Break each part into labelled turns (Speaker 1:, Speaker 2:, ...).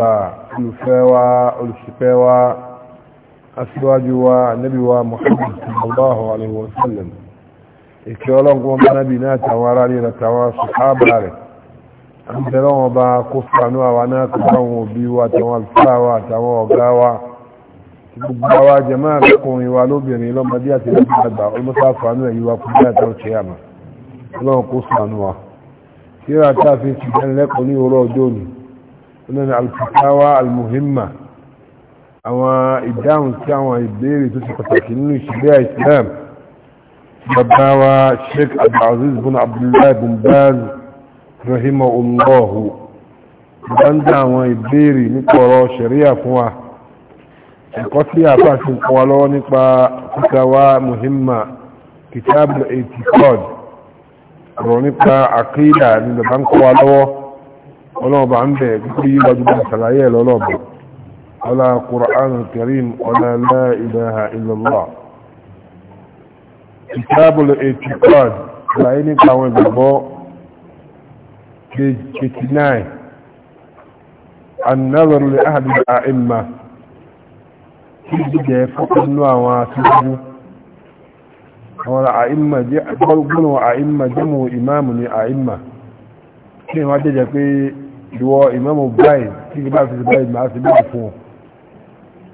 Speaker 1: أبا الفاوى الشفاوى أسواج والنبي ومحمد صلى الله عليه وسلم إكيولون قوم نبينا توارى لنا توارى صحابة لك أمدلون وبا كفانوا وناك قوم بيوا توارى الفاوى توارى قاوى gbogbo jama'a lọ́kùnrin wa lóbìnrin lọ́mọdé àti lọ́gbọ̀n àgbà olùsáfàánú ẹ̀yíwá fún bí àtàwọn ṣeyàmà ọlọ́run kó sànú wa kí ó àtàfin ṣùgbọ́n lẹ́kọ̀ọ́ ní òwúrọ̀ ọjọ́ òní nínú alfitawa almuhimma àwọn ìdáhùn sí àwọn ìbéèrè tó ṣe pàtàkì nínú ìṣẹ̀lẹ̀ islam babawa sheik abdulaziz bin abdullahi bin baz rahimahullahu wọ́n dá àwọn ìbéèrè nípa ọ̀rọ̀ ṣẹ̀ríà fún wa ẹ̀kọ́ tí a bá ṣe ń kọ́ wa lọ́wọ́ nípa fitawa muhimma kitab al-itikad nípa àkídà ní bàbá ń kọ́ lọ́wọ́ ọlọ́ọ̀bà ń bẹ̀ kí yí wájú bá ọlá kùránù karim ọlá la ilaha ìtàbùlù ètìkọ́d láyé nípa àwọn ìgbàgbọ́ 89 annazar lè ahàbí àìmà kí jíjẹ fọ́kànnú àwọn àtúgbù àwọn àìmà jẹ́ àgbọ́gbọ́n ìmáàmù ni àìmà kí wọ́n pé ìwọ ìmọ̀mù báyìí tí kí bá fi báyìí máa fi báyìí fún ọ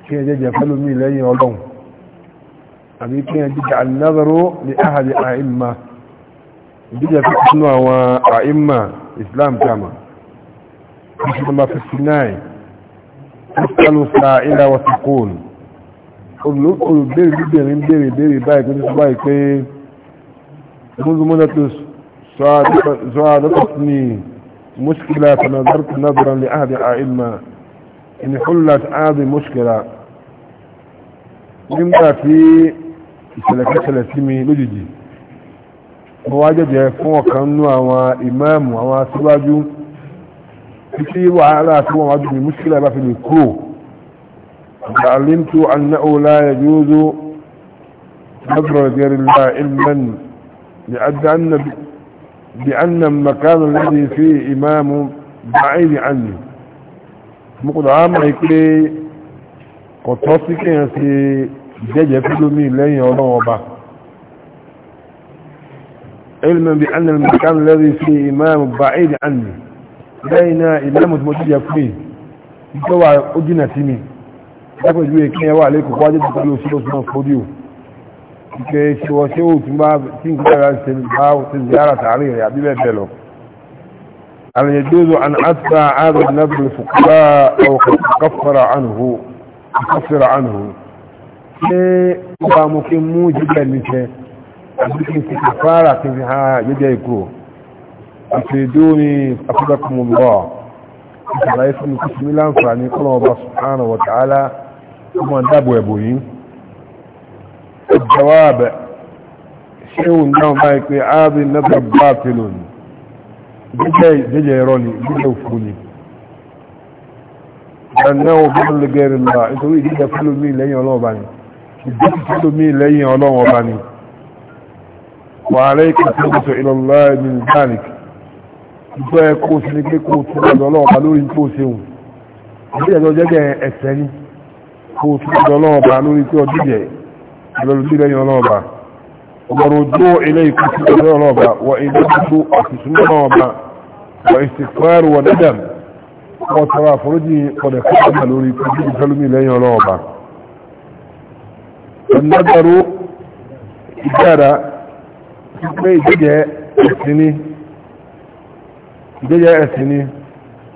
Speaker 1: kí ẹ jẹjẹ pẹ̀lú mi lẹ́yìn ọlọ́run àbí kí ẹ jíjà alìnàzọ́rọ́ ní ahàdì àìmà ìjíjà fi sínú àwọn àìmà islam kama ìṣẹ́lọ́mà 59 ìṣẹ́lọ́ sàáìlà wàtàkùn olùbẹ̀rẹ̀ bẹ̀rẹ̀ bẹ̀rẹ̀ báyìí pé nípa báyìí pé mọ́zùmọ́dá tó sọ àdọ́kọ̀ مشكلة فنظرت نظرا لأهد الأئمة إن حلت هذه مشكلة لما في سلكة سلسيمي نجدي مواجد يكون وكانوا هو إمام هو سواجو تكيب على سواء وجد مشكلة في الكرو تعلمت أنه لا يجوز نظر غير الله علما لأد أن بأن المكان الذي فيه إمام بعيد عني مقد عام يكلي قطوسي كان سي جاجة فيلمي لين ونوبة علما بأن المكان الذي فيه إمام بعيد عني لين إمام مجد فيه يتوى أجنة سمي يقول لك يا وعليكم واجد تقولوا سلوس من فوديو ìpè ṣíwọ́ ṣé ó tún bá tí nǹkan bá ṣe bá ṣe ziyara tààrin rẹ̀ àbí bẹ́ẹ̀ lọ هل يجوز أن أتبع هذا النبي الفقراء أو كفر عنه كفر عنه ṣé ó bá mú kí mú jíjẹ níṣẹ́ àbí kí n ti kàfàrà kí n ha jíjẹ ìkúrò àfẹ́dóní afẹ́dàkùnmùlọ́ ìtàlàyé fún sí mi láǹfààní kọ́lọ̀ dábò ẹ̀bò yìí الجواب شيء نعم بايك هذا النظر باطل بجي بجي روني بجي وفوني لأنه فعل غير الله إنتو إيه جدا مين لين الله باني جدا فعل مين لين الله باني وعليك التوبة إلى الله من ذلك إنتو يكوس نكيكو تبادل الله قالوا إنتو سيون إنتو جدا أساني كو تبادل الله قالوا إنتو جدا على الدين نوبا وردوا إليك سنة نوبا وإنبتوا أكسنة نوبا واستغفار وندم وطراف رجي قد كعمل لتجد سلم إليه نوبا النظر إجارة في ججاء السنين ججاء السنين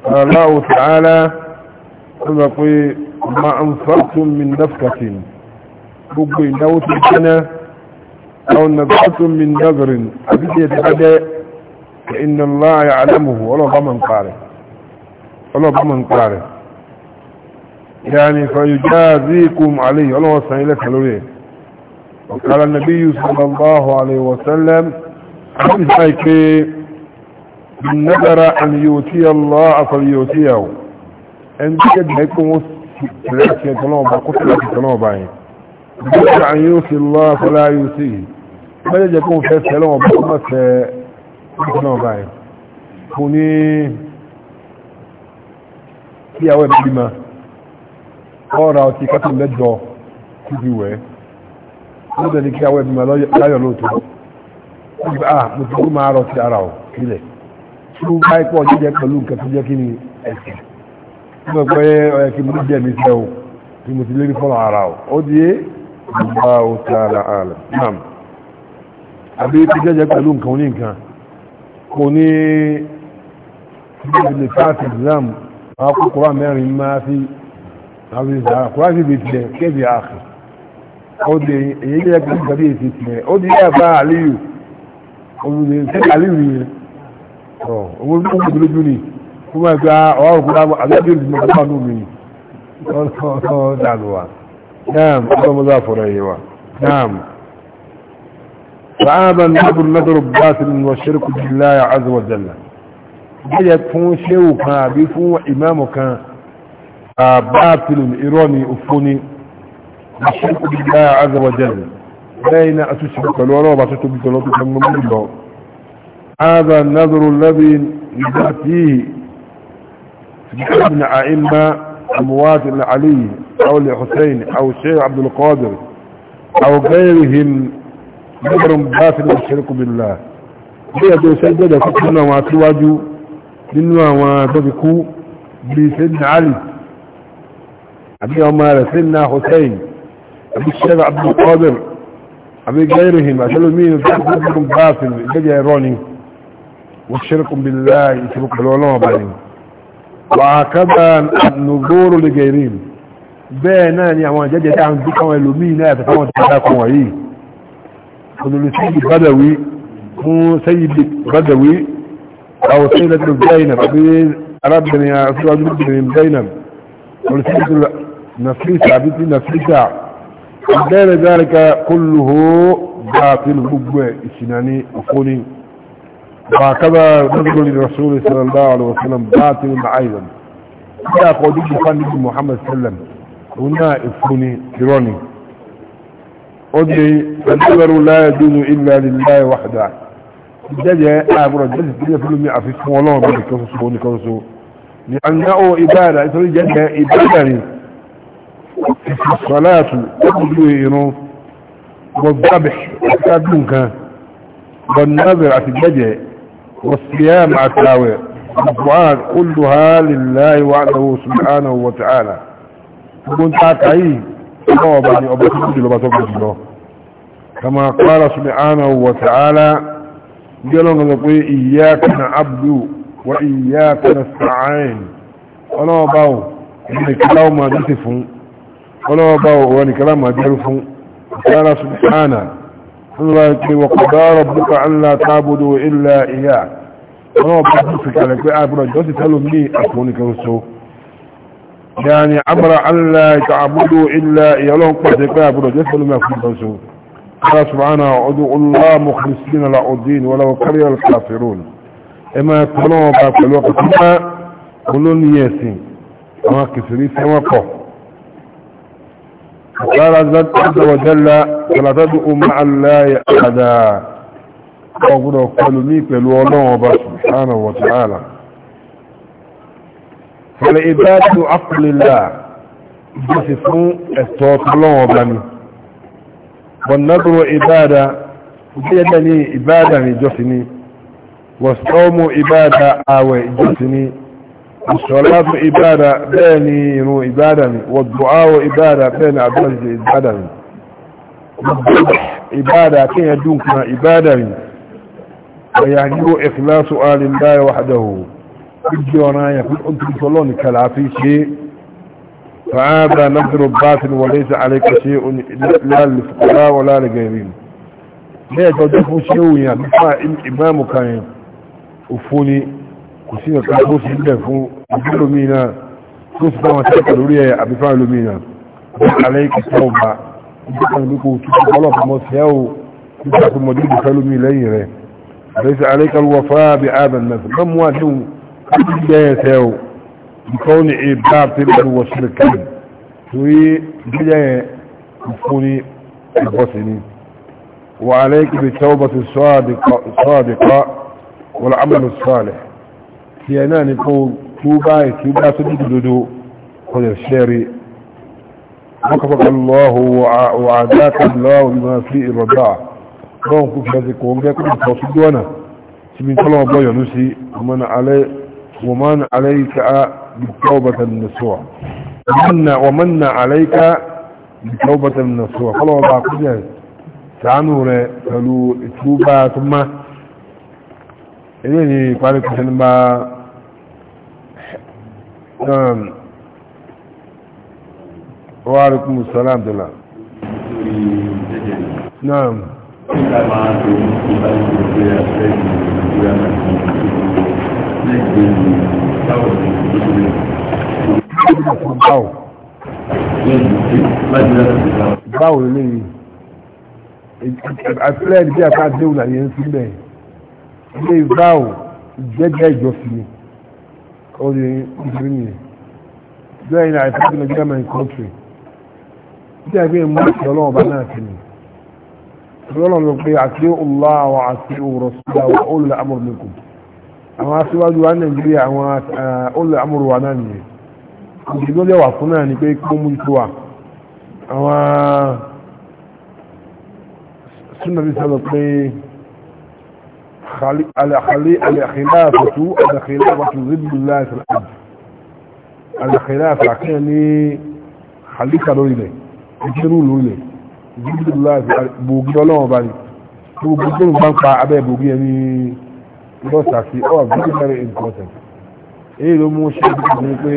Speaker 1: الله تعالى قلت ما أنصرتم من نفكة gbogbo ìnáwó tó jẹ́nà àwọn nàgbàtún min nazarin àbíkẹ́ dáadẹ́ ka inna Allah ya alamuhu ọlọ́bá man kààrẹ̀ yani fayujazikum alayhi ọlọ́wọ́ sàn ilẹ̀ kalórí وقال النبي صلى الله عليه وسلم حديث من نذر أن يؤتي الله فليؤتيه أن تجد هيكم ثلاثة تنوبة قتلة تنوبة gbọ́dọ̀ àyè òsì lọ fọlá ayé òsì yìí mẹ́jẹ̀ jẹ́ kó fẹ́ fẹ́ lọ́wọ́ bọ́ bọ́ fẹ́ ọkùnrin náà báyìí fún ní ìyàwó ẹ̀bí bímọ ọ̀rọ̀ ọtí kátó mẹ́jọ títí wẹ̀ ó dẹ̀ ní kí ìyàwó ẹ̀bí bímọ láyọ̀ lóòótọ́ nígbà ah mo ti kú máa rọ sí ara pẹ̀lú nǹkan tó jẹ́ kí ni ẹ̀sìn nígbà pé ọ̀yẹ́ kí mo jẹ́ mi sẹ́ o tí mo ti lérí fọ́nà ara ò ó di Allahu ta'ala alam naam àbí tí jẹ́jẹ́ pẹ̀lú nǹkan oní nǹkan kò ní ilé káàkiri islam akókòrò mẹ́rin máa fi àwọn ìsàrà kòrò sí ibi tilẹ̀ kébì àkì ó di èyí jẹ́ pẹ̀lú ìgbàdí èsì tilẹ̀ ó di yẹ́ bá àlíyù olùdè sí àlíyù yẹn ọ̀ owó tó kù lójú ni kó máa gba ọ̀rọ̀ kúrò àbẹ́bí olùdè mọ̀ نعم هذا مضاف إليه نعم فهذا النظر نظر باطل والشرك بالله عز وجل بجد فون شيو كان بفون إمام كان آه، باطل إيراني أفوني الشرك بالله عز وجل بين أتشبك الوراء وأتشبك الوراء من الله هذا النظر الذي يدعى يأتيه ابن أئمة أموات عليه او الحسين او الشيخ عبد القادر او غيرهم نظر باطل الشرك بالله هي دو سجده فكنا ما تواجو دنوا ما تبكو بسن علي ابي عمر سن حسين ابي الشيخ عبد القادر ابي غيرهم عشان مين نظر باطل بجي روني والشرك بالله يتبقى العلماء بعدين وهكذا النظور لغيرهم bẹ́ẹ̀ náà ni àwọn ìjẹ́jẹ́ tí a ń gbé káwọn ẹlòmíì náà àti káwọn tí a kọ̀ wọ̀nyí olùlù Sayyid Badawi fún Sayyid Badawi àwọn Sayyid lẹ́tọ̀ Zainab àbí arábìnrin aṣíwájú lẹ́tọ̀ Zainab olùsẹ́yìn nàfíìsà àbí tí nàfíìsà bẹ́ẹ̀rẹ̀ dáríka bá ti gbogbo ẹ̀ ní òkúni وهكذا نذكر للرسول صلى الله عليه وسلم باطل ايضا يا قديم محمد صلى هنا اسمني كيروني قدني فالنبر لا يدين إلا لله وحده الدجة أقول الدجة الدجة في المئة في اسم الله بني كرسو بني كرسو لأنه إبادة إسم الجنة إبادة الصلاة تبدو إنو والضبح أتادنك والنبر في الدجة والصيام أتاوي الضعاد كلها لله وعده سبحانه وتعالى gbogbo ń taaka yìí ọmọ ọba ni ọba tó jùlọ bá tó gbogbo jùlọ kama qala subhanahu wa ta'ala bí ọlọ́run sọ pé iyyaka na'budu wa iyyaka nasta'in ọlọ́wọ́ bá ò ní kílá ọmọ àdúsì fún ọlọ́wọ́ bá ò wọ́n ní kílá ọmọ àdúsì fún qala subhanahu Allah ke wa qadara rabbuka an la ta'budu illa iyyah. Ọlọ́run bá ti fi kalẹ̀ pé àbúrò ìjọ́sìn tẹ́lómi àfọ̀nìkan so. يعني أمر أن لا تعبدوا إلا يلون قد يقابلوا جسد ما كنتم قال سبحانه أدعوا الله مخلصين لعدين ولو كره الكافرون إما يكونوا باك الوقت ما كلون ياسين أما كسري سما قف قال عز وجل فلا تدعوا مع الله أحدا وقالوا ميك الولون سبحانه وتعالى wọlé ìbáàdù afúlélà ìjọsìn fún ẹ̀tọ́ tọ́lọ́wọ́ bá ní wọ́n nágbọ́rọ̀ ìbáàdà ìjẹ́jẹ́ ní ìbáàdà ní ìjọsìn ní wọ́sọ́mù ìbáàdà àwẹ̀ ìjọsìn ní ìṣọ́látù ìbáàdà bẹ́ẹ̀ ni irun ìbáàdà ní wọ́dùáwọ̀ ìbáàdà bẹ́ẹ̀ ni àdúrásì ní ìbáàdà kíyàn dùnkùnà ìbáàdà ní wọ́yà nílò gbígbé ọ̀ràn ayà fún ọdún tọ́lọ́ ní kàlàáfí ṣe fàábà nàbdùrù báfin wọlé sí àlékà ṣe lálùfọ́lá wọ lálùgẹ̀ rí lẹ́yìn tó jẹ́ fún ṣe òyìn àbí fà ìmáàmù kan òfun ni kò sí nǹkan tó sì ń bẹ̀ fún ìdílómìnà tó sì fáwọn tẹ́kọ̀ lórí ẹ̀ àbí fáwọn lómìnà àlékà tó bá mọ́ sí بدايته بكون عبارة هو شركان توي بداية مفوني البصني وعليك بالتوبة الصادقة, الصادقة والعمل الصالح كيانا نقول توبا توبا صدق دودو خذ الشاري وكفك الله وعداك الله بما فيه الرضاعة لهم كيف يكون لك من توصدونا سبين الله بيانوسي ومن عليه ومن عليك بالتوبة النسوع ومن, ومن عليك بالتوبة النسوع قالوا باقي قجل تعانوا قالوا اتوبة ثم إليه قالت حنبا نعم وعليكم السلام دلال نعم
Speaker 2: ìjọ fún báwò báwò lè
Speaker 1: àtìlẹ́ ìdí àká déwù náà yẹn sí bẹ́ẹ̀ ilé báwò jẹ́jẹ́ ìjọ sí ni ó lè nítorí nìyẹn bẹ́ẹ̀ ni àìsàn ìjọba german country ìdí àgbé mú ìṣẹ́ ọlọ́wọ́ bá náà tẹ̀lé ọlọ́run ló pé àti ọlá àwọn àti òrọ̀sílá wa olùlẹ̀ amúrùmẹ́kù àwọn aṣíwájú wa nàìjíríà àwọn olùlẹ̀ eh, amúrùwà náà nìyẹn ìdíjọ́ lẹ́wà fún náà ni pé kó mú ìtò wà àwọn súnmọ̀bí sọ́lọ̀ pé alẹ́kìláàfẹ́tú alẹ́kìláàfẹ́tú zíbìláàfẹ́ gbogbo gbogbo gbogbo pa abẹ́ ìbògbé ẹni lọ́sàkí ọ̀ gbogbo very important èyí ló mú ṣe ìdíkùn ní pé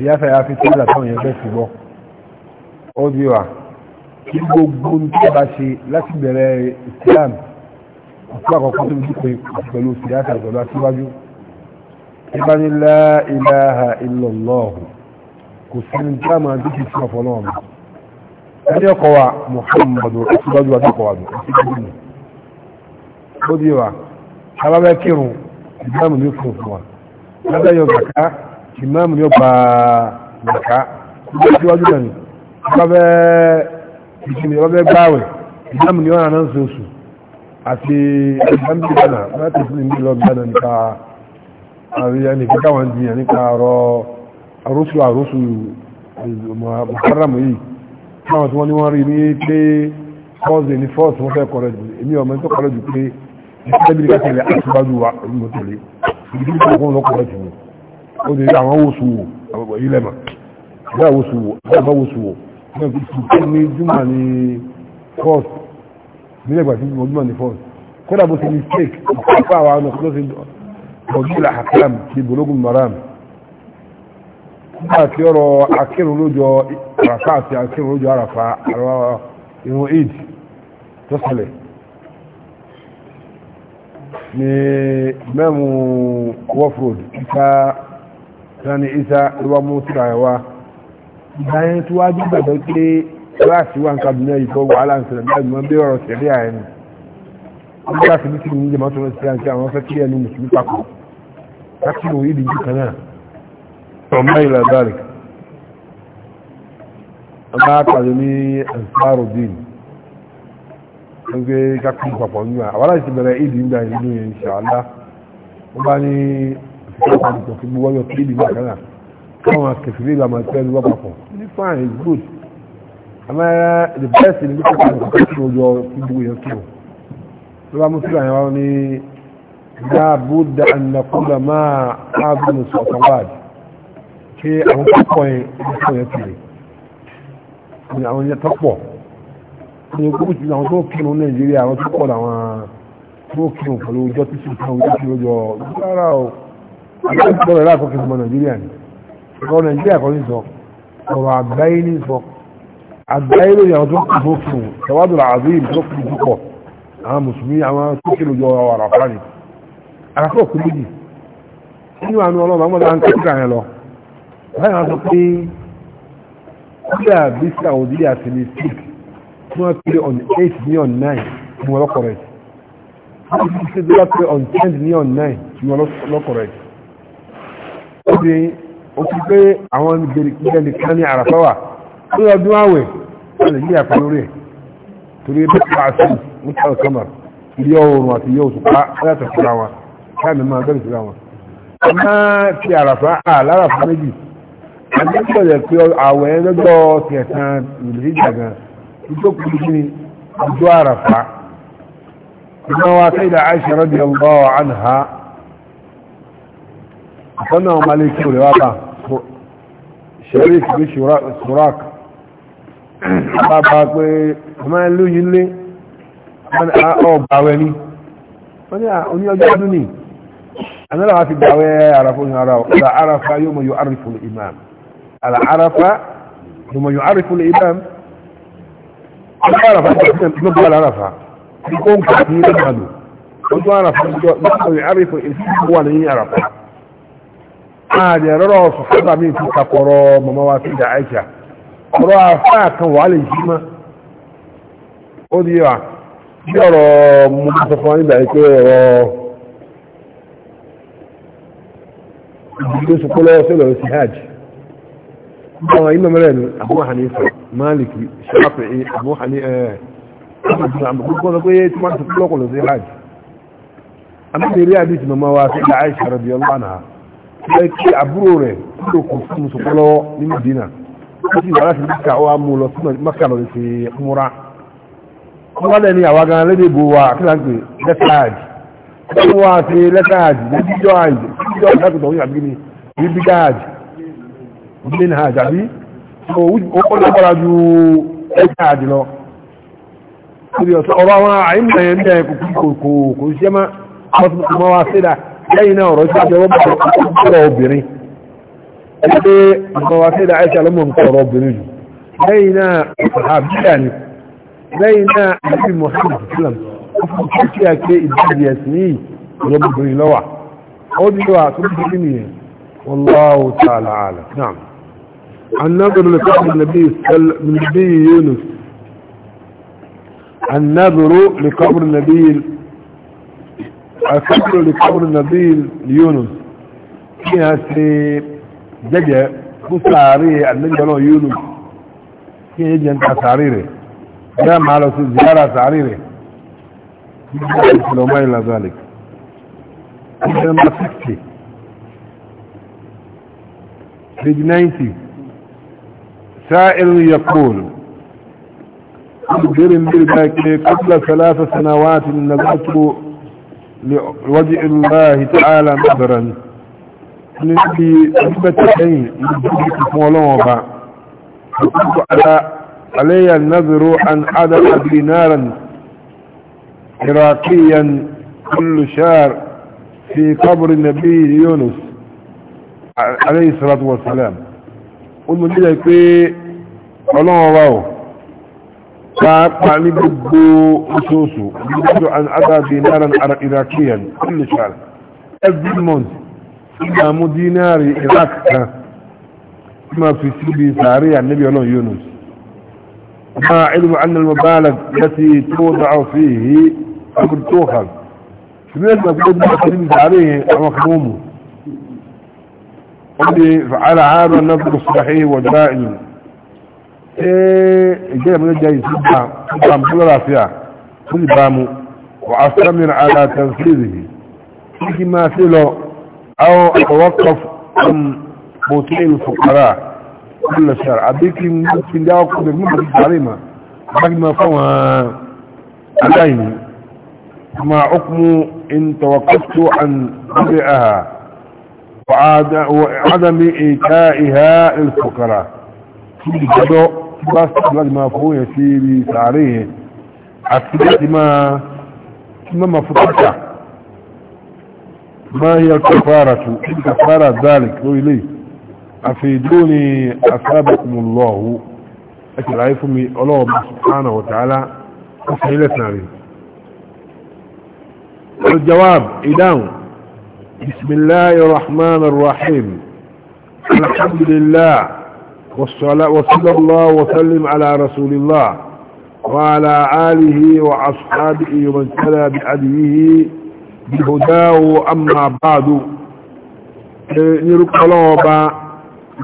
Speaker 1: ìyáfẹ́ ya fi tílà táwọn yẹn fẹ́ ṣùgbọ́ ó di wà kí gbogbo ní tí a bá ṣe láti bẹ̀rẹ̀ Islam àti àkọ́kọ́ tó dúpẹ́ pẹ̀lú ìyáfẹ́ àgbẹ̀lú aṣíwájú ìbánilá ilaha illallah kò sí ní tí a máa bí kí fún ọ̀fọ́ ìmáàmù ni ó gba nàká ìgbà síwájú náà ni ìbáfẹ́ ìsinmi ìbáfẹ́ gbáwẹ̀ ìmáàmù ni ó rànà sí oṣù àti ìbámbí dáná láti fún ìmú lọ dáná nípa àríyá ní kíkà wọn jiyàn nípa ọ̀rọ̀ àrósù àrósù mọ̀káràmù yìí táwọn tí wọ́n ní wọ́n rí ní pé fọ́ọ̀sì ní fọ́ọ̀sì wọ́n fẹ́ kọ́rẹ́ jù èmi ó ní àwọn oṣù wò àbọ̀bọ̀ yìí lẹ́mà ìgbà oṣù wò àbọ̀bọ̀ oṣù wò ní ọ̀pọ̀ oṣù tó ní júmọ̀ ní first nílẹ̀ ìgbà tí mo júmọ̀ ní first kódà bó ti ní steak ọ̀pọ̀ àwọn ọ̀nà tó ti bọ̀jú ìlà àkàràm ti bòlógún maram nígbà tí sani isa ruwa motura yawa bayan tuwa duk da dauke rasi wa nka duniya yi ko wahala n sinabi da zuman bewar shari'a ya ne an ka su bikin yin jama'a tunan siya nke amma fa kiriya ne musulmi pako ta ci oyi da duka na tomai labarik amma ka zami ansaro din an ga kakkan kwakwan yiwa a wala shi bẹ̀rẹ̀ idi yin da yin insha Allah wọ́n bá ní ìjọba ìjọ kí gbogbo ọyọ kí nínú àkàrà káwọn akẹfìrí ìlú àmàlẹ pẹ̀lú wọn papọ̀ ní fine is good àmàlẹ the best in gbogbo ọjọ kí kí ọjọ kí gbogbo yẹn kí o ló bá mú sí àyàn wa ní dáàbòdà ànàkúndà máa ábùnú sọ̀tàn wáàdì kí àwọn púpọ̀ yẹn ibi tó yẹn kiri ni àwọn yẹn tọ́pọ̀ ní gbogbo ti àwọn tó kírun Nàìjíríà àwọn tó pọ̀ làwọn tó kírun pẹ̀lú ọjọ́ tó sì kírun tó kírun ọjọ́ rárá o àgbẹ̀bọ̀rọ̀ láàkọ́ fi gbọ́ nàìjíríà ni ọ̀rọ̀ nàìjíríà kọ́ ní sọ ọ̀rọ̀ àgbáyé ní sọ àgbáyé lórí àwọn tó kù tó kù tẹwádùn àzíìm tó kù púpọ̀ àwọn mùsùlùmí àwọn tó kù lójú ọ̀rọ̀ àràfà ni àràfà òkú méjì nínú àánú ọlọ́run àwọn ọmọdé kíkà yẹn lọ báyìí wọn sọ pé kúdà bísà òdìdí àti ní six tí wọ́n pè on eight ní on nine ni wọ́n lọ́kọ̀rẹ̀ tí wọ́n pè on ten ní on nine ni wọ́n lọ́kọ̀rẹ̀ ó di ó ti pé àwọn ìgbẹ̀lì kan ní àràfá wà ní ọdún àwẹ̀ wọ́n lè yí àpá lórí ẹ̀ torí bí kí wàá sí nípa ọ̀kọ́mà ilé oòrùn àti ilé òṣùpá aláta síra wọn káàmì máa bẹ̀rẹ̀ síra wọn. ọmọ ti àràfá à láràfá méjì àti ìṣẹ̀lẹ̀ pé àwẹ̀ lọ́jọ́ ti ẹ̀sán ìlú ìjàgà ìjókòó ní ọjọ́ àràfá. ìgbọ́n wa sayida Aisha radiyallahu anha sannan wa maliki da waka ṣeré ti bí surak
Speaker 2: bá
Speaker 1: bá pé ọmọ ìlú yìí lé ọgbàwẹ̀ ní oní ọjọ́ ọdún ní anára wa ti gbàwẹ̀ àràfà ní ara ọ̀dá àràfà yóò mọ̀ yóò àrìfù imam àrà àràfà yóò mọ̀ yóò àrìfù imam
Speaker 2: ọjọ́ àràfà ti gbogbo àràfà
Speaker 1: ti kó ń kàtí ní ìrìnàlò ọjọ́ àràfà yóò àrìfù imam wà ní àràfà ààrẹ lọ́rọ̀ sọ̀fọ́dà mi mamawa kàkọ̀rọ̀ mọ̀mọ́ aiki a ìdáyàjá a afá kan wà lè yí mọ́ ó di wa bí ọ̀rọ̀ mo bá sọ fún ìgbà pé ọ̀rọ̀ ìdílé sọpọ́ lọ́wọ́ sí lọ́wọ́ hajj Abu Hanifa Maliki Shafi'i Abu Hanifa gbogbo hajj radiyallahu anha bẹ́ẹ̀ kí àbúrò rẹ̀ kúrò kò fún musokọ́ lọ́wọ́ ní Madina ó sì wà láti Maka ó wá mú lọ sí Maka lọ sí múra wọ́n wá lẹ́ni àwa gan lédè bò wá kíláǹpé lẹ́tàájì wọ́n wá sí lẹ́tàájì ní bíjọ́ àjì bíjọ́ ìdákùtọ̀ wíyà bí ní ní bíjọ́ àjì ní ní àjì àbí ó lọ́kọ́ra ju lẹ́tàájì lọ ọ̀rọ̀ àwọn àìmọ̀ ń dẹ̀ kò kò kò kò ṣiṣẹ́ mọ́ wọ́n wá sí dáa جاي نور جواب ربني ايه المواقيد عايشة لهم ربني جاينا صحاب جاني جاينا في محمد سلم وفي كي ابن ياسمي ربني لوع قول لوع كنتي والله تعالى عالى نعم النظر لكتب النبي صلى النبي يونس النظر لقبر النبي àfihàn lè kọ́bùrù nàbí yónù kí a ṣe jẹ́jẹ́ fún sàárì àdínjọ́lọ́ yónù kí a jẹ́ ta sàárì rẹ̀ yá máa lọ sí ziyara sàárì rẹ̀
Speaker 2: nígbà ìṣẹ̀lọ́mọ́
Speaker 1: ìlàzàlẹ̀ number 60 page 90 سائل يقول أخبر بالباكي قبل ثلاث سنوات نزلت لوجه الله تعالى نظرا نبي أثبت أين مولوبا فقلت على علي النظر عن عدد دينارا عراقيا كل شهر في قبر النبي يونس عليه الصلاة والسلام قلت لك إيه؟ أولوبا فقع لبدو أسوسه يجد عن أبا دينارا عراقيا كل شهر every month إلى ديناري عراق كما في سبي سارية النبي الله يونس ما علم أن المبالغ التي توضع فيه أقول توخل سمعت مقبول مقبول سارية مخدومه قل فعلى هذا النظر الصحيح والدائم ايه من جاي كل بامو وأستمر على تنفيذه فيما فيه أو أتوقف عن موتين الفقراء كل شهر عبيك ممكن جاءوا قبل ممكن تعليمة باقي ما فهمها عليني ما حكم إن توقفت عن بيعها وعدم إيتائها للفقراء في الجدو بس لازم اقول في تاريخ عقيده ما ما مفروضه ما هي الكفاره الكفاره ذلك لي افيدوني اصابكم الله اكل عيفهم الله سبحانه وتعالى وسهلتنا به الجواب إذن بسم الله الرحمن الرحيم الحمد لله وصلى الله وسلم على رسول الله وعلى آله وأصحابه ومن تلا بأديه بهداه أما بعد نرق طلوبا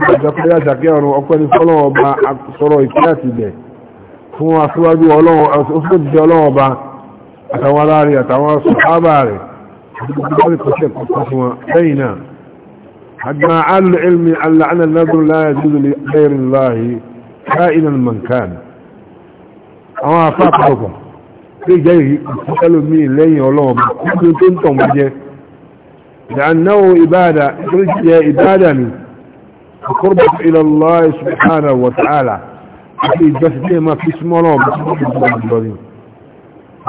Speaker 1: جاكيا جاكيا وأكوان طلوبا أكثروا إكياتي به فهو أسواجه الله أسواجه جلوبا أتوالاري أتوال صحاباري أتوال صحاباري أتوال صحاباري حد ما عال علمي أن لعن النظر لا يجوز لغير الله كائنا من كان أما فاقركم في جيه قالوا مين لين ولهم كل تنتم بجيه لأنه إبادة رجع إبادة وقربة إلى الله سبحانه وتعالى في جسده ما في اسم الله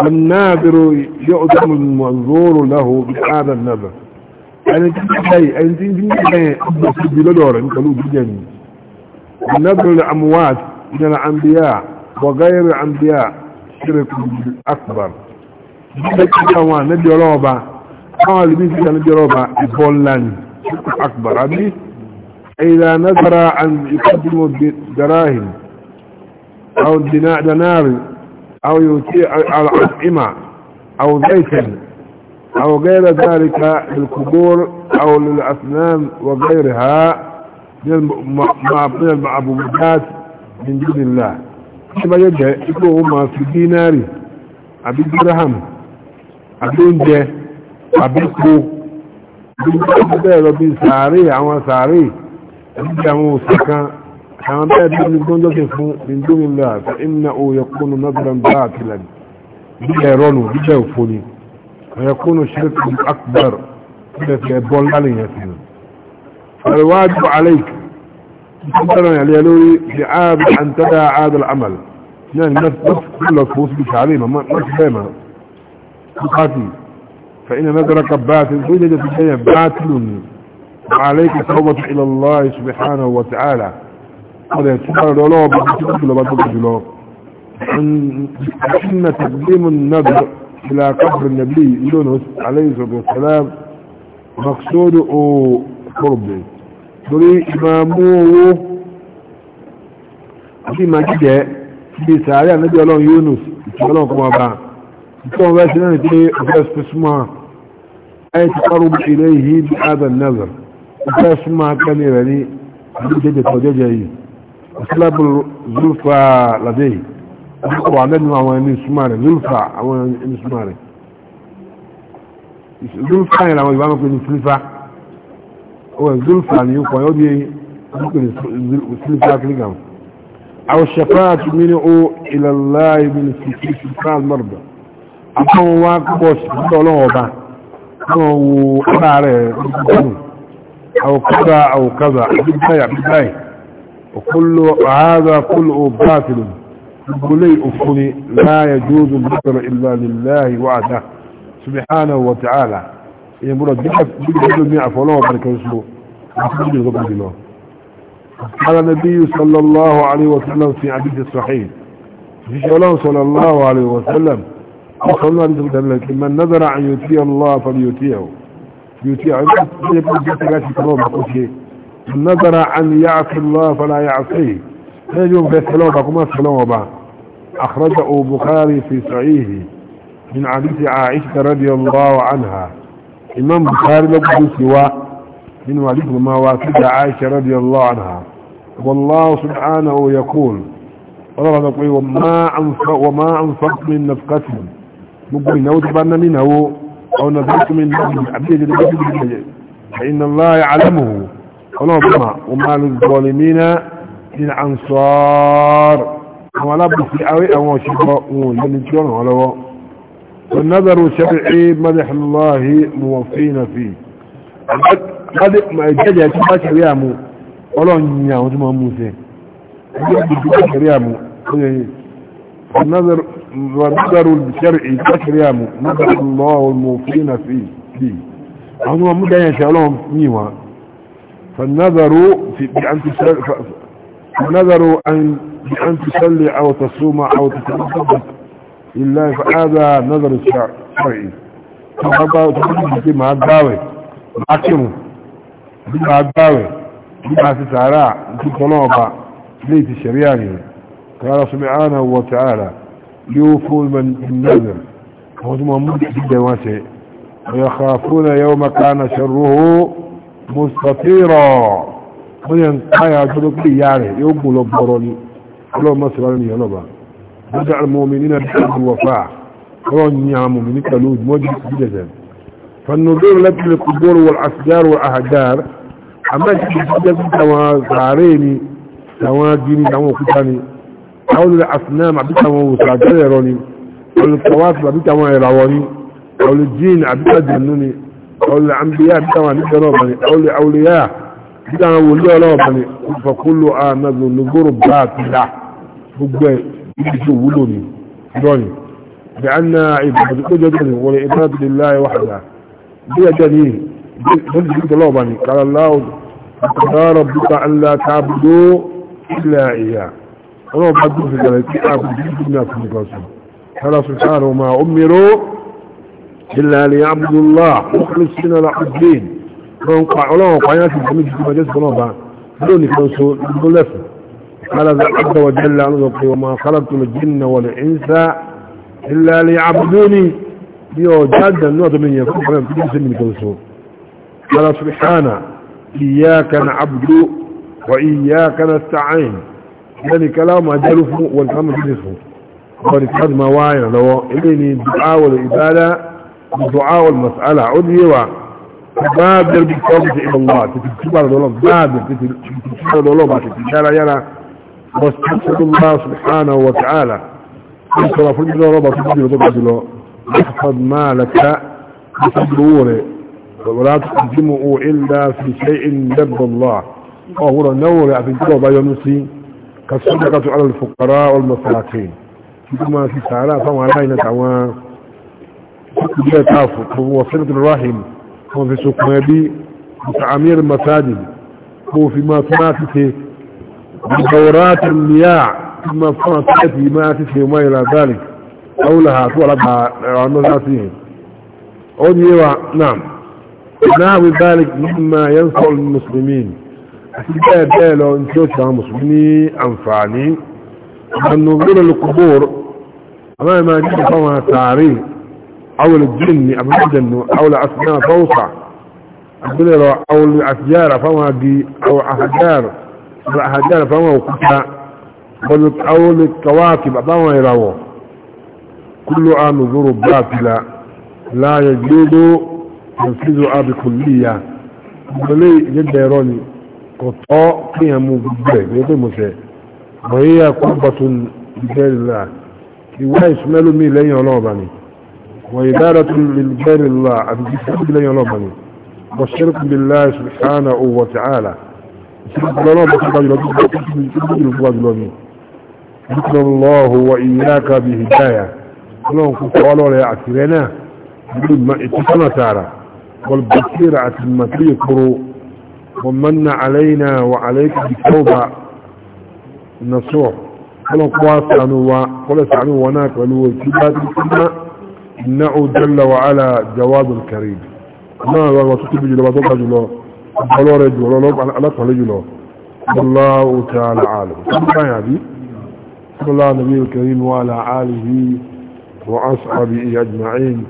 Speaker 1: الناظر يؤدم المنظور له بهذا النظر ẹni tí ń bẹ̀yẹ̀ ẹni tí ń bẹ̀yẹ̀ ọgbọ̀n sí ibi lọ́dọ̀ rẹ̀ nítorí òjújẹ ni nabirul amuwaat من الأنبياء وغير الأنبياء شرك أكبر كما نبي روبا قال بيسك نبي روبا بولان شرك أكبر أبي إذا نذر أن يقدم دراهم أو دينار أو يطيع الأطعمة أو زيتا أو غير ذلك للقبور أو للأسنان وغيرها من المعبودات من دون الله كما يجي يقولهما في دينار أبي درهم أبي أنجة أبي كو bẹ́ẹ̀rọ bí sàárè àwọn sàárè ẹ̀dígbà àwọn òsìkan àwọn bẹ́ẹ̀ bí i gbọ́njọ́kì fún ìdúnmìlá ìmìnà òyẹ̀kúnnù náà gbọ́njọ́ bí i ẹ̀rọ nù bí i ẹ̀fọ́ ni ويكون الشرك الأكبر في أبوال عليه يسير فالواجب عليك تقدرنا يا لوي لعاب أن تدع هذا العمل يعني نفس نفس كل الفوس بتعليمه ما بيما تقاتي فإن نذرك باطل وجد في شيء باطل وعليك التوبة إلى الله سبحانه وتعالى هذا يتسبر دولوب ويتسبر دولوب أن تقديم النذر إلى قبر النبي يونس عليه الصلاة والسلام مقصود قربه torí ìmàmú owó àti ìmàjíjẹ́ bí sàárẹ́ ànábí ọlọ́run Yunus ìtọ́lọ́run kọmọ bá ìtọ́wọ́n bá ṣe náà pé ọ̀fẹ́ súnmọ́ ayé ti kọrù ilé yìí bí adam nazar ọ̀fẹ́ súnmọ́ akẹ́ni rẹ̀ ní àdúgbẹ́jẹ̀ tọ́jẹ́jẹ́ yìí ọ̀sílábùrù zulfa ladẹ́yìí wà lẹ́nu àwọn ẹni ìsúnmọ́ rẹ̀ zulfa àwọn ẹni ìsúnmọ́ rẹ̀ zulfa yẹn làwọn ìbámu pé ní sílífà ó wẹ̀ zulfa ní ikọ̀ yóò di ọdún pé ní sílífà kìlígàm àwọn ṣẹfà tó أو كذا أو كذا بالبيع بالبيع وكل هذا كله باطل بولي أفني لا يجوز الذكر إلا لله وعده سبحانه وتعالى يقول بحث بجد مع فلان بارك يسلو قال النبي صلى الله عليه وسلم في حديث الصحيح في شلون صلى الله عليه وسلم أخذنا أنت من نذر أن يطيع الله فليطيعه يطيعه إيه من نذر أن يعصي الله فلا يعصيه لا يجوم في السلام فكما السلام وبعد أخرجه بخاري في صحيحه من حديث عائشة رضي الله عنها إمام بخاري لقد سوى من حديث ما واسد عائشة رضي الله عنها والله سبحانه يقول وما أنفق وما أنفق من نفقة نقول إنه بأن منه أو نفقت من نفقه فإن الله يعلمه وما للظالمين من أنصار àwọn alábùsí awé àwọn òṣìṣẹ́ wọn lẹ́ni tí ó ràn wọ́n شرعي مدح الله موفين فيه قد ما جاء تبا شريامو ọlọ́run yà wọ́n tó máa mú sẹ́ النظر والنظر الشرعي تشريامو مدح الله الموفين
Speaker 2: فيه
Speaker 1: àwọn ọmọ múdá yẹn ṣe ọlọ́run فالنظر في أن بأن تصلي أو تصوم أو تتعبد إلا طيب. فهذا نظر الشرعي تقضي مع تطلوبة ليت الشرياني قال سبحانه وتعالى يوفوا من النذر وهم مدع جدا ويخافون يوم كان شره مستطيرا من ينقايا تلقي يعني يقول لبروني اللهم صل على النبي الله بدع المؤمنين بحب الوفاء رون يا مؤمنين كلود موجب جدا فالنظور لك للقبور والأشجار والأهجار أما تجد سواء زاريني سواء جيني سواء كتاني حول الأصنام عبد سواء وساجر يروني حول الكواكب عبد سواء يروني حول الجين عبد سواء جنوني حول الأنبياء عبد سواء نجروني حول الأولياء عبد سواء ولي فكل آمد النظور باطلة gbogbo ẹ̀ ibi tí òwúlò ni lọ́yìn bí a na ìbàdí tó jẹ́ jẹ́ wọlé ìbáàdì láì wàhálà bí a jẹ́ ní ìbáàdì tó tọ́lọ́ ọba ni kàràláwò àtàrà bùkà ńlá tàbùdó ilẹ̀ ìyá ọlọ́run bá dùn sí gẹ̀rẹ̀ tí a kò dùn sí ní àkùnrin kan sùn kára sùn sáàrùn ma ó mìíró ilẹ̀ àlẹ́ abdullah ó kọ́ sí náà láàbùdín ọlọ́run pààyàn ti gbọ́mí jù قال عز وجل أنظر وما خلقت الجن والإنس إلا ليعبدوني يو جادا نوع من يكون في جنس من كوسو قال سبحانه إياك نعبد وإياك نستعين يعني كلام أجلفه والكلام أجلفه ولكن ما واين لو إليني دعاء والعباده الدعاء والمسألة عدي و بابر بالتوبة إلى الله تتكبر دولة بابر تتكبر دولة تتكبر الله واستغفر الله سبحانه وتعالى انتوا في الله ربا تبدي ربا دلو احفظ مالك بصدوره ولا تقدمه الا في شيء يرضى الله وهو نور في الجوبة ينسي كالصدقة على الفقراء والمساكين كما في سعراء فهو علينا تعوان كبير تافت هو صلة الرحم هو في سكمابي وتعمير المساجد هو في ما بدورات المياه ثم فرصت ما تسهي وما إلى ذلك أولها طولبها عنوزاتهم أولي نعم نعم ذلك مما ينفع المسلمين أسجاء دالو إن شوشها مسلمي أنفعني النظر القبور أما ما جد فوها تعريف أو الجن أبو الجن أو الأسماء فوصع أو الأسجار فوها دي أو أحجار àjẹ́ àfáwọn òkúta bọ́lù káwọ́lù kawáàkì bàbáwọn ìràwọ̀ kúlò àmì zoro bá fìlà láàyè gbogbo ìfìzò àbìkù líyà gbọ́lé ìjẹ́jẹ́ ẹ̀rọ ni kò tọ́ kíyàn mú gbogbo ẹ̀ gbogbo mọ̀sẹ̀ bọ̀yíyà kó bọ̀tún ìbẹ̀rìlá ìwá ìsúnmẹ́lú mi lẹ́yìn ọlọ́ọ̀bà ni wa ta'ala ذكر الله وإياك بهداية اللهم كنت قالوا لي بدون ما اتسنا سارة والبصيرة المثلية كرو ومن علينا وعليك بالتوبة النصوح اللهم قوات سعنوا قلس سعنوا وناك ولو الكبات بكما إنه جل وعلا جواب الكريم ما هو وصوت بجلبات الله ọlọ́rẹ̀ jù alákọ̀ọ́lẹ̀ jùlọ Allahu ta'ala alam sallallahu nabi al-karim wa ala alihi wa ashabihi ajma'in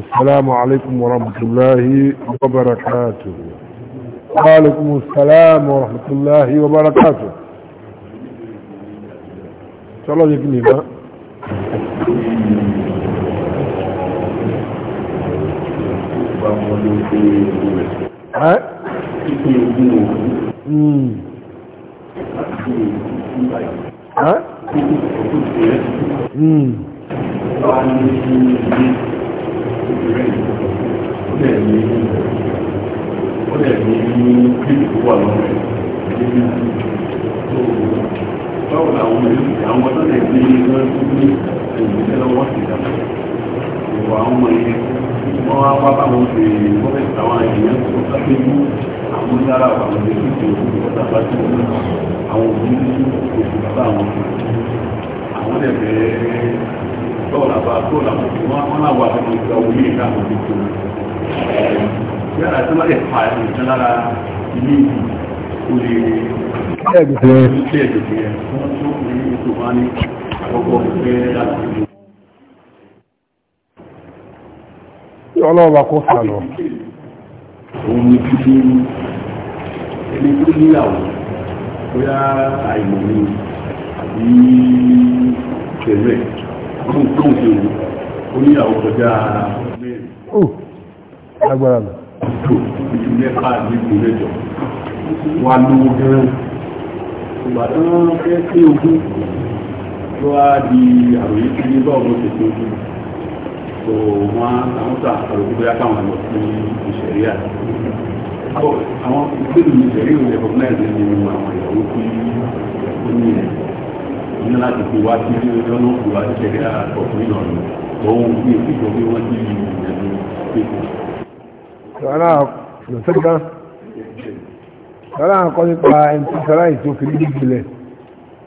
Speaker 1: assalamu alaikum wa rahmatullahi wa barakatuh wa alaikum assalam wa rahmatullahi
Speaker 2: kíkún hmm. hmm. àwọn ọmọ náà ní ìlú ní ìlú sí ọmọ yẹn wọ́n tó sáfẹ́ mú àwọn oníyàrá àwọn ọmọdé tó ti òkú ìwọ́ta àwọn òbí ní oṣù bàbá àwọn ọmọ àwọn ẹ̀fẹ́ tọ́ọ̀lá bá wọn láwọ àwọn ìgbà orí ìka àwọn ọmọdé tó yàrá tí wọ́n lè pa ẹ̀rọ ìtàn lára ilé olè ilé wọ́n tó ní ètò wọn ní àkọ́kọ́ fẹ́ láti ọlọ́ọ̀bà kó sàlọ̀ òun ni títí ẹni tó níyàwó bóyá àìmọ̀ ni àbí tẹ̀lé ọdún tó ń ṣe ó níyàwó kọjá mẹ́rin. ó lágbára lọ. tó ibi mẹ́fà nígbò mẹ́jọ wà lówó gẹ́rẹ́ ìgbà fẹ́ sí ogún tó wá di àròyé tí ní bá ọmọ tètè ogún tó wọn àwọn sàkàrò gbogbo káwọn lọ sí ìṣẹ̀rí àwọn ìgbèrú mi bẹ̀rẹ̀ ìwé recognize ní ìlú àwọn ìyàwó tí ó ní ẹ̀ ní láti fi wá sí ilé ọjọ́ náà fún wa ṣẹlẹ̀ àkọ́kọ́ ìlọrin lọ́wọ́ bí èsì ìjọ bí wọ́n ti rí ìrìnàjò pépù.
Speaker 1: sọ́lá lọ́sẹ̀dá sọ́lá kọ́ nípa ẹni tí yìí tó fi ní ìgbìlẹ̀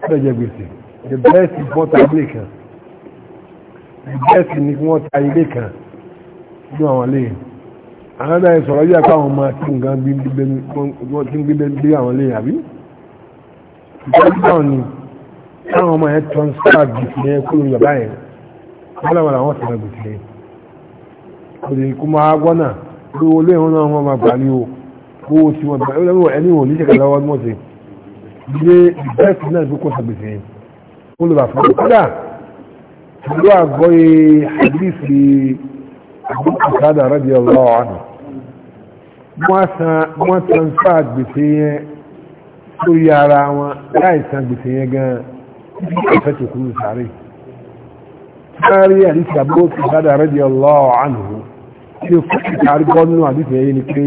Speaker 1: ọ̀dọ̀ jẹ gbèsè the best is wọ́n ta ilé kan the best ni wọ́n ta ilé kan nínú àwọn ilé àwọn náà sọ̀rọ̀ yíyà káwọn máa tí nǹkan gbígbé dé àwọn lè àbí ìtọ́jú táwọn ni káwọn ọmọ yẹn transfer gbèsè yẹn kúrò yàrá yẹn wọ́n làwọn làwọn sọ̀rọ̀ gbèsè yẹn kò lè kó máa gbọ́nà pé owó lóyún náà wọ́n máa gbà ní o owó tí wọ́n gbà lọ́wọ́ ẹni wò ní ìṣẹ̀kẹ̀ lọ́wọ́ mọ̀ sí ilé ìbẹ́ẹ̀sì náà tó kó sọ gbèsè yẹn ó lè bà fún un kódà ìlú àgọ́ yẹn àdìsí àbúkàtàdà radiyallahu anhu wọ́n transfer gbèsè yẹn lórí ara wọn láì san gbèsè yẹn gan ìfẹ́ tó kúrò sáré sáré àdìsí àbúkàtàdà radiyallahu anhu ṣe fún ìtàrí gọ́ọ̀nù àdìsí yẹn ni pé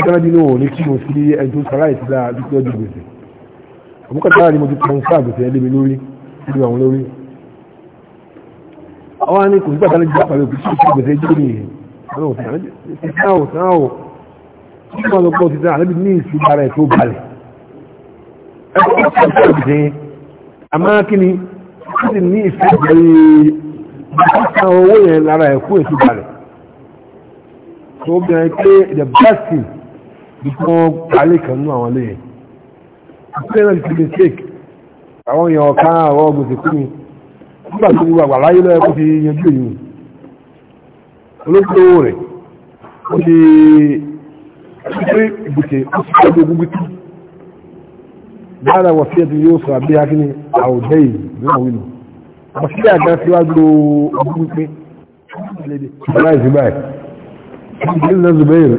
Speaker 1: ìtàrí náà ní kí mo sí ẹjọ́ sára ìtìlá àdìsí ọdún gbèsè àbúkàtàdà ni mo ti transfer gbèsè yẹn lórí àwọn ní kò nígbàtà ní jẹ́ pàdé òkúsí ìgbẹ̀sẹ̀ jẹ́ ní ìsìnáwò sánáwò
Speaker 2: tí wọ́n lọ pọ̀ sí
Speaker 1: sáà níbi ní ìsú ara ẹ̀ tó balẹ̀
Speaker 2: ẹgbẹ̀rẹ̀
Speaker 1: àmá kí ni ó sì ní ìfẹ́ pẹ̀lú ìgbẹ̀sẹ̀ owó yẹn lára ẹ̀ kú ètò balẹ̀ tó bẹ̀rẹ̀ pé the best thing bí wọ́n parí kan nú àwọn lẹ́yìn àti pé náà ti fi mistake àwọn èèyàn ọ̀ká nígbà tó gbogbo àgbà láyé lọ́yẹ kó ti yanjú èyí olóògbé rẹ̀ ó ti pé ìgbòkè ó ti pẹ́ gbogbo tí lára wọ̀sí ẹ̀tì yóò sọ àbí akíní àwùjẹ́ yìí nínú wínú wọ̀sí àgbà tí wá gbogbo ọdún pé ọlá ìsìn báyìí ìdílé náà zùbẹ́ rẹ̀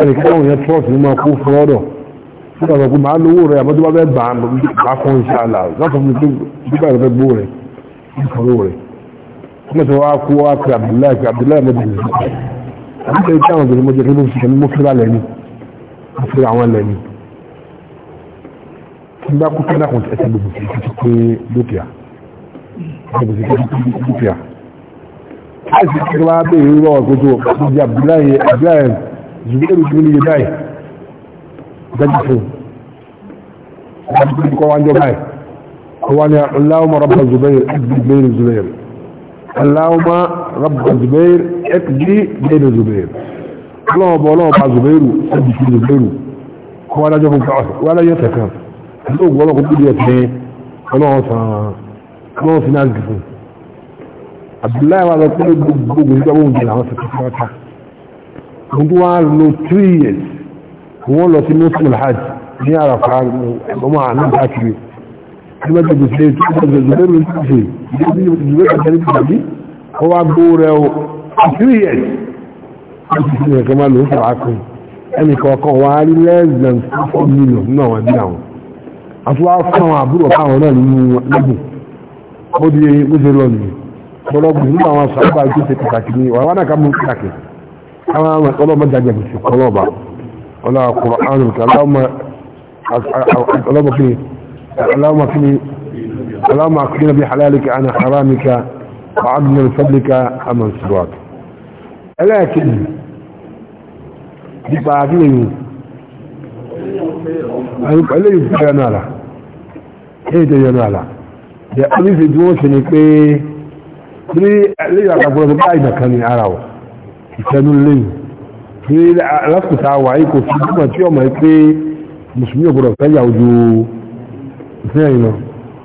Speaker 1: ẹnì kí wọ́n yẹn trọ́ọ̀sì ní máa kó fún ìfọ̀rọ̀ rẹ̀ mẹ́sàn wá kó wá pé Abdullahi pé Abdullahi mọ́ bìí sí àbúkẹ́ ìjọ àwọn obìnrin mọ́jẹ́ kébù sí kẹ́mí mọ́fíra lẹ́ni mọ́fíra àwọn lẹ́ni tí bá kú kẹ́lá kan ẹsẹ̀ gbogbo sí títí pé dúkìá gbogbo sí títí pé dúkìá láìsí kí wá bèèrè rọ ọ̀gbọ́tò ìjọ Abdullahi Abdullahi zùgbẹ́rù tí ní yẹ báyìí dájú fún ọ̀gbọ́n kọ́ wá ń jọ báyìí هو اللهم رب الزبير اقضي بين الزبير اللهم رب الزبير اقضي بين الزبير اللهم بولوه مع الزبير سد في الزبير هو لا جفن كعث ولا يتكا اللهم بولوه قد يتنين اللهم سا اللهم سنان كفن عبد الله وعلى كل بوب يجبون جل عمس كفاتا كنتوا لو 3 years هو لو سنوسم الحاج ni ara fa ọmọ àná bá kiri kuma da bisne ta da zubar mun tafi idan ni zubar da kare tafi ko wa gore o serious ne kuma lu ta aku ani ko ko wa ri less than 4 million no wa bi àwọn aswa kan wa buro ka won na lu lebu ko di ko se lo ni ko lo bu ni àwọn sa ba ju se pàtàkì ni wa wana ka mu pàtàkì àwọn ma ko lo ma jaje ko lo ba wala qur'anul kalama Allah ba اللهم اكفني اللهم اكفنا بحلالك عن حرامك وعدنا بفضلك عمن سواك لكن nípa àdínlẹ̀yìn ẹlẹ́yìn fún ẹ̀yọ̀nà àlà ẹ̀yẹ̀tẹ̀ ẹ̀yọ̀nà àlà jẹ́ oníṣẹ́ tí wọ́n ṣe ni pé ní ẹlẹ́yìn àtàkùnrin bá ìdàkan ní ara ọ̀ ìfẹ́nú lẹ́yìn ní alákùtà wà ikò fún ọmọ tí ọmọ sí ẹ̀yìn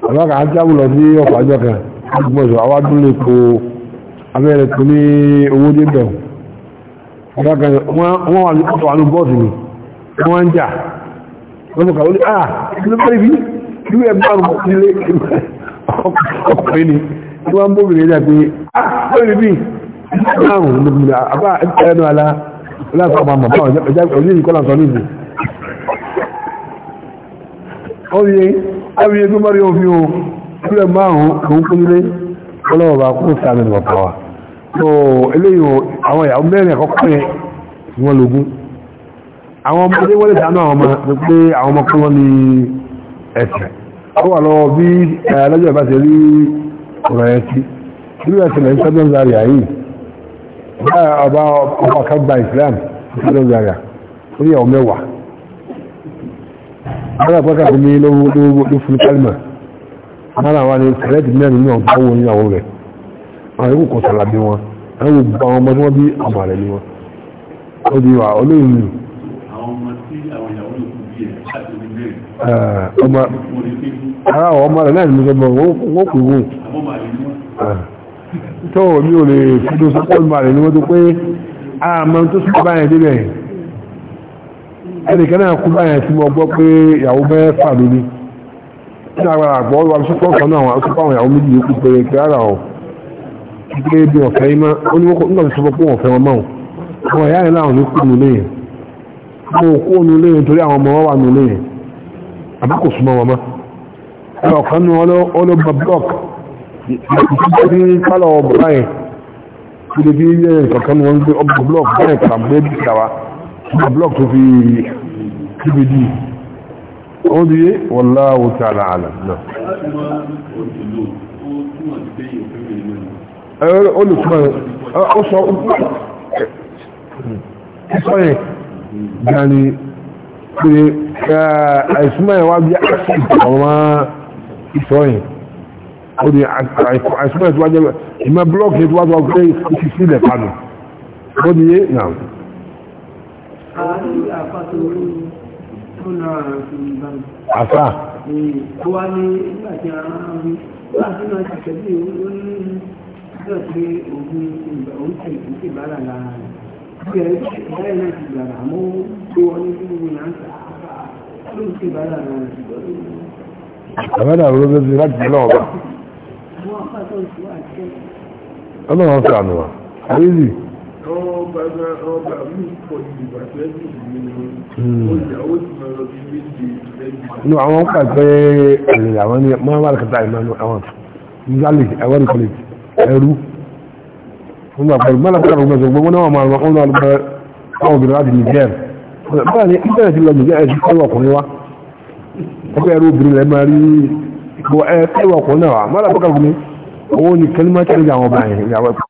Speaker 1: lọ alága ajáwò lọ sí ọkọ̀ àjọ kan agbọ̀nsọ̀ awádúlé po abẹ́rẹ́ tó ní owó débẹ̀ wọ́n wà ní ọ̀tọ̀ àánú bọ́ọ̀sì ni wọ́n ń jà wọ́n sọ kàwọ́lé ah ìlú bẹ́rẹ̀ bí ìlú ẹ̀ bá rùn sílé ọkùnrin ni tí wọ́n ń bó bìnrin pé ah bẹ́rẹ̀ bí ìlú oye awiye tó mọ́rí òfin o kílẹ̀ márùn-ún kìí kúnlé ọlọ́ọ̀bá kún sàmì bàbá wa tó eléyìí àwọn ìyàwó mẹ́rin àkọ́kọ́ yẹn wọ́n lógún àwọn ọmọdé wọ́n lè dánú àwọn ọmọ ní pé àwọn ọmọ kún wọ́n ní ẹ̀sẹ̀ ó wà lọ bí ẹlẹ́jọ́ ìbá ti rí ọ̀rọ̀ wọ́n rà pẹ́kà fún mi ló fún kálímà wọ́n rà wá ní kẹrẹ́tì náà nínú ọ̀gá owó ní àwọn rẹ̀ àwọn ikú kò sàlàbí wọn àwọn ògbà àwọn ọmọdé wọn bí àmà rẹ̀ ni wọn ó di wà olóyìn mi. ara àwọn ọmọ rẹ̀ náà ni mo sọ bọ̀ wọ́n kù wù tó mi ò lè fi dùn sọ́kọ́ ìmọ̀ rẹ̀ ni wọ́n tó pé ẹnìkan náà kú báyẹn tí mo gbọ́ pé ìyàwó mẹ́fà ló ní ní àwọn àgbọ̀ wa sọ́kọ̀ kan náà àwọn sọ́kọ̀ àwọn ìyàwó méjì yòókù pé kí ara ọ̀ pé bí ọ̀fẹ́ yín máa ó ní wọ́n nígbà tó sọ pé wọ́n fẹ́ wọn mọ́ àwọn ìyá yẹn láwọn ní kú nulẹ̀ yẹn mo kú nulẹ̀ yẹn torí àwọn ọmọ wa wà nulẹ̀ yẹn àbá kò súnmọ́ wọn mọ́ ẹ̀rọ kan nu ọlọ́gbà block ìtúbọ̀dé ma blog tó fi kíbi dì ó di wallahu ta'ala alam náà ó lè túnmọ̀ ó sọ ìsọ yẹn gani pé àìsúnmọ̀ yẹn wá bí àwọn ìsọ yẹn ó di àìsúnmọ̀ yẹn tó wá jẹ́ ìmọ̀ blog tó wá jọ pé padà ó di yé
Speaker 2: náà àfà wá ní nígbà tí a máa ń rí wá sí máa ti tẹ̀lé ó ní ọjọ́ pé òun òun tẹ̀lé kò sí bàálà lára rẹ̀ bí ẹ báyìí náà ti gbàgbà mọ́ tó wọn ní kí gbogbo yàn án sá ló ń sí bàálà lára rẹ̀
Speaker 1: àmẹ́nà ló
Speaker 2: ọba ọba mi pọ̀ ìdìbò àti ẹbí ìdìbò ni ó yàwó ti máa lọ bí méjì ẹbí. àwọn kà pé
Speaker 1: ẹ̀rìn àwọn ni máa wà lẹ́kẹ̀tà ìmánu àwọn nzali ẹ̀wọ́n kọ́lé ẹ̀rú wọ́n máa pẹ̀lú mọ́lá kọ́lá gbogbo gbogbo náà máa lọ ọ́n lọ bẹ àwọn obìnrin láti nìjẹ́ báyìí ní ìbẹ̀rẹ̀ ti lọ nìjẹ́ ẹ̀sìn kọ́lá ọkùnrin wa ọkọ̀ ẹ̀rú obìnrin lẹ́ máa rí ẹ̀kọ́ ọkùnrin náà wà mọ́lá kọ́lá gbogbo owó ni kẹ́lí máa tẹ̀lé àwọn ọba yẹn ìyàwó ẹ̀kọ́